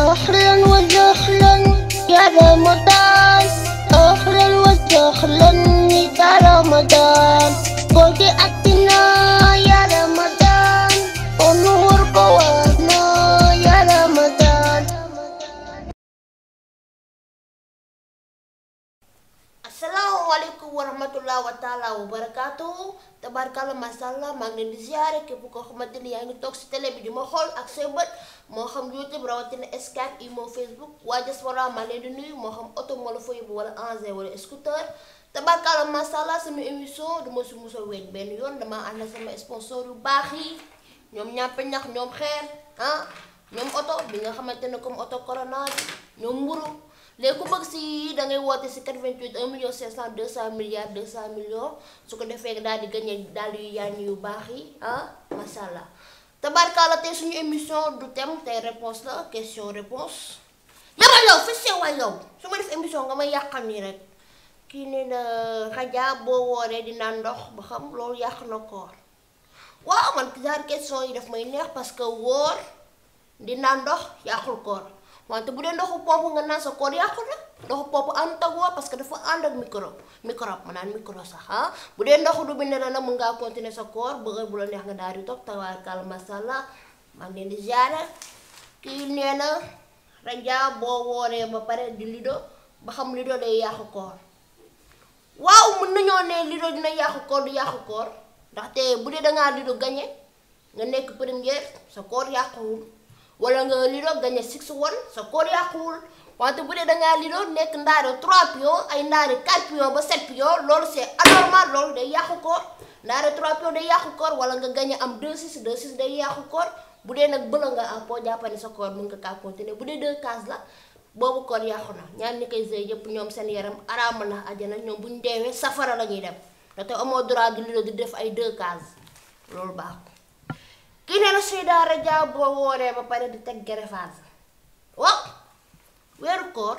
أهلا وسهلا يا رمضان أهلا وسهلا يا رمضان قد rahmatulah wa taala wa barakaatu tabarkalla macha allah maa ngi leen di ziare képp koo xamante ni yaa ngi toog si télé bi di ma xool ak say bët moo xam youtube rawatina Skype Imo Facebook waa diaspora maa leen di nuyu moo xam oto moo la fa yóbbu wala engin wala scooter tabarkalla macha allah suñu émission du ma si mos a wéet benn yoon damaa ànd sama sponsor yu baax yi ñoom ñàppe ñax ñoom xeer ah ñoom oto bi nga xamante ne comme oto corona bi ñoom mburu léegi ku bëgg si da ngay woote si 88 1 million 500 200 milliards 200 millions su ko defee dal di gagné dal yu yaañu yu baax yi ah macha allah tabarkaala tey suñu émission du thème tey réponse la question réponse yamal yow fi see waay yow su ma def émission nga may yàqal nii rek kii nee na xajaa boo wooree dinaa ndox ba xam loolu yàq na koor waaw man genre question yi daf may neex parce que wóor dinaa ndox yàqul koor Mantu budan do hoppo fu ngana Korea ko dia ko do hoppo anta go pas que dafa and mikro micro micro manan micro sax ha bu den do hudu binna na mu nga continuer sa koor bëggal bu la neex nga daari tok kal masala man len di ziara ki raja bo woré ba paré di lido ba xam lido day yaaxu koor waaw mën nañoo ne lido dina iya yaaxu koor du yaaxu koor ndaxte bu dee da ngaa lido gagné nga nekk premier sa koor yaaxuwul wala nga lido gagné 6-1 sa koor yàquwul wante bu dee da ngaa lido nekk ndaare 3 pion ay ndaare 4 pion ba 7 pion loolu c'est anormal loolu day yàqu koor ndaare 3 pion day yàqu koor wala nga gagné am 2-6 2-6 day yàqu koor bu dee nag bëla nga am boo jàppane sa koor mën nga kaa continuer bu dee de cases la boobu koor yàqu na ñaan ni koy sëy yëpp ñoom seen yaram araama na àjjana ñoom bu ñu deewee safara la ñuy dem da te amoo droit di lido di def ay 2 cases loolu baaxul gineen suy daara jaab boo wooree ba pare di teg gerefaas wow weeru koor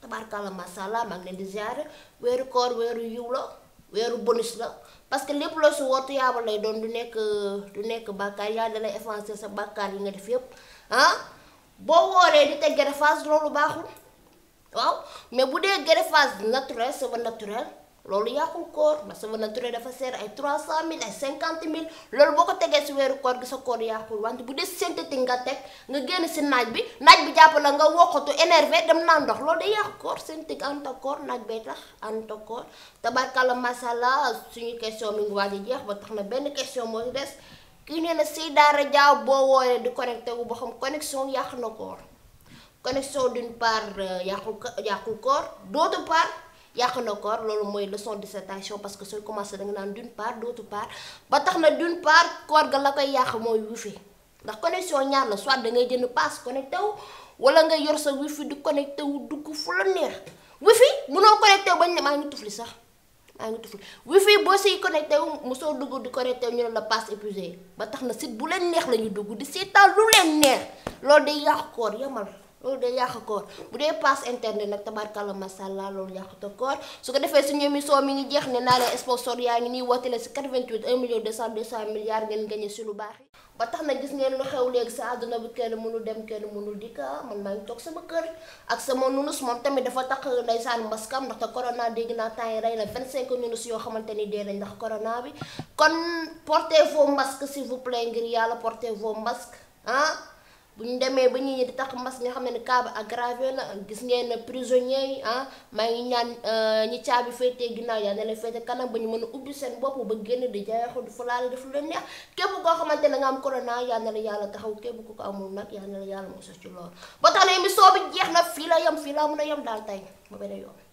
tabarkalla masàllaa maa ngi leen di ziare weeru koor weeru yiw la weeru bonus la parce que lépp la si wootu yaaba lay doon du nekk du nekk bàkkaar yàlla da lay effacer sa bàkkaar yi nga def yépp ah boo wooree di teg gerefaas loolu baaxul waaw mais bu dee gerefaas naturel c'est naturel لوليا خنكور نسمى لنتوري دفسير اي 300 ميل اي 50 ميل لول بوكو تيغي سوير كور غسا كور يا خور وانت بودي سنت تينغا تك nga genn ci naaj bi naaj bi japp la nga woxatu énervé dem na ndox lool day yak koor seen tig anta koor naaj bay tax anta koor tabarkala masala suñu question mi ngi waji jeex ba tax na benn question mo dess ki neena sey dara jaaw bo woore di connecté wu bo xam connexion yak na koor connexion d'une part eh, yakul koor ya, d'autre part yàq na koor loolu mooy leçon dissertation parce que sooy commencé da nga naan d'une part d'autre part ba tax na d'une part koor ga la koy yàq mooy wifi ndax connexion ñaar la soit da ngay jënd pass connecté wu wala nga yor sa wifi di connecté wu dugg fu la neex wifi munoo connecté wu bañ ne maa ngi tufli sax maa ngi tufli wifi boo siy connecté wu mu soo dugg di connecté wu ñu ne la pass épuisé ba tax na sit bu leen neex la ñu dugg di seetaan lu leen neex loolu day yàq koor yamal loolu day yàq koor bu dee passe internet nag tabarkalla masalla loolu yàqute koor su ko defee suñu émission mi ngi jeex ne naa leen sponsor yaa ngi nii woote leen si 88 1 million 200 200 milliards ngeen gagné si lu baax yi ba tax na gis ngeen lu xew léegi sa àdduna bi kenn mënul dem kenn mënul dikka ah, man maa ngi sama kër ak sama nunus moom tamit dafa tax ndeysaan mbaskam ndaxte corona dégg naa temps yi rey na 25 nunus yoo xamante ni dee nañ ndax corona bi kon portez vos masques vous bu ñu demee ba ñii di tax mbas mi xam ne cas bi aggravé na gis ngeen prisonniers yi ah maa ngi ñaan eh, ñi caabi féetee ginnaaw yaa ne leen féete kanam ba ñu mën a ubbi seen bopp ba génn di jaayoo di fulaale def lu leen neex képp koo xamante ne nga am corona yaa ne yàlla taxaw képp ku ko amul nag la yàlla mos a ci lool ba tax na émission bi jeex na fii la yem fii la mën a yem daal tey ba beneen yoon.